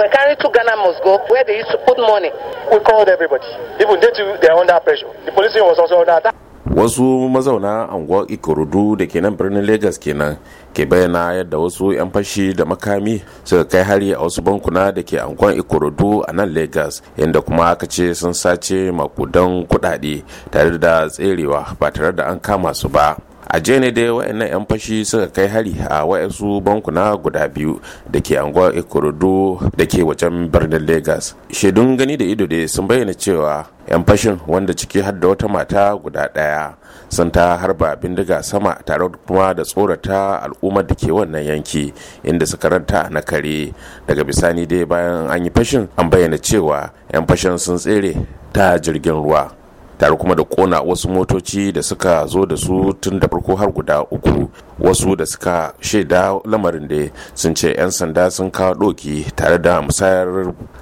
were carrying two Ghana must go where they used to put money. We called everybody. Even they too, they are under pressure. The police was also under attack. wasu mazauna anguwar ikorodu da ke nan birnin Legas kenan ke bayyana yadda wasu 'yan fashi da makami suka kai hari a wasu bankuna da ke anguwar ikorodu a nan lagos inda kuma aka ce sun sace makudan kudade tare da tserewa ba tare da an kama su ba a jiya ne dai wayannan 'yan fashi suka kai hari a wayansu bankuna guda biyu da ke anguwar ikorodo da ke wajen birnin lagos shaidun gani da ido dai sun bayyana cewa 'yan fashin wanda ciki har da wata mata guda ɗaya sun ta harba bindiga sama tare kuma da tsorata al'ummar da ke wannan yanki inda suka ranta na kare daga bisani dai bayan an yi fashin an bayyana cewa 'yan fashin sun tsere ta jirgin ruwa tare kuma da kona wasu motoci da suka zo da su tun da farko har guda uku wasu da suka shaida lamarin da sun ce 'yan sanda sun kawo doki tare da musayar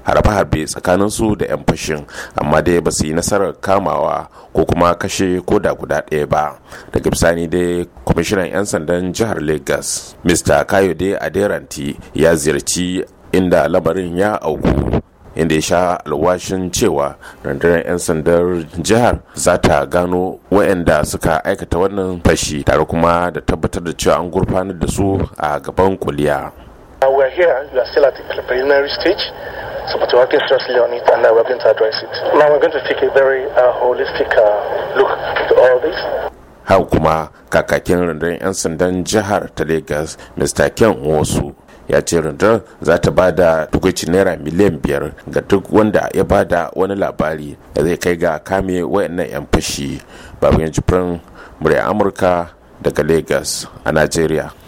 harbe-harbe tsakanin su da 'yan fashin amma dai ba su yi nasarar kamawa ko kuma kashe ko da guda ɗaya ba daga bisani dai kwamishinan 'yan sandan jihar lagos mr kayode aderanti ya ziyarci inda lamarin ya auku inda ya sha alwashin cewa rundunar 'yan sandar jihar za ta gano waɗanda suka aikata wannan fashi tare kuma da tabbatar da cewa an gurfanar da su a gaban kuliya. we are here, we uh, a very uh, holistic uh, Hau kuma kakakin rundunar 'yan sandan jihar ta Legas, Mr. Ken Wosu, ya ce rundunar za ta ba da tukwicin naira miliyan biyar ga duk wanda ya ba da wani labari da zai kai ga kame wayannan 'yan fashi babban jibrin murya amurka daga lagos a nigeria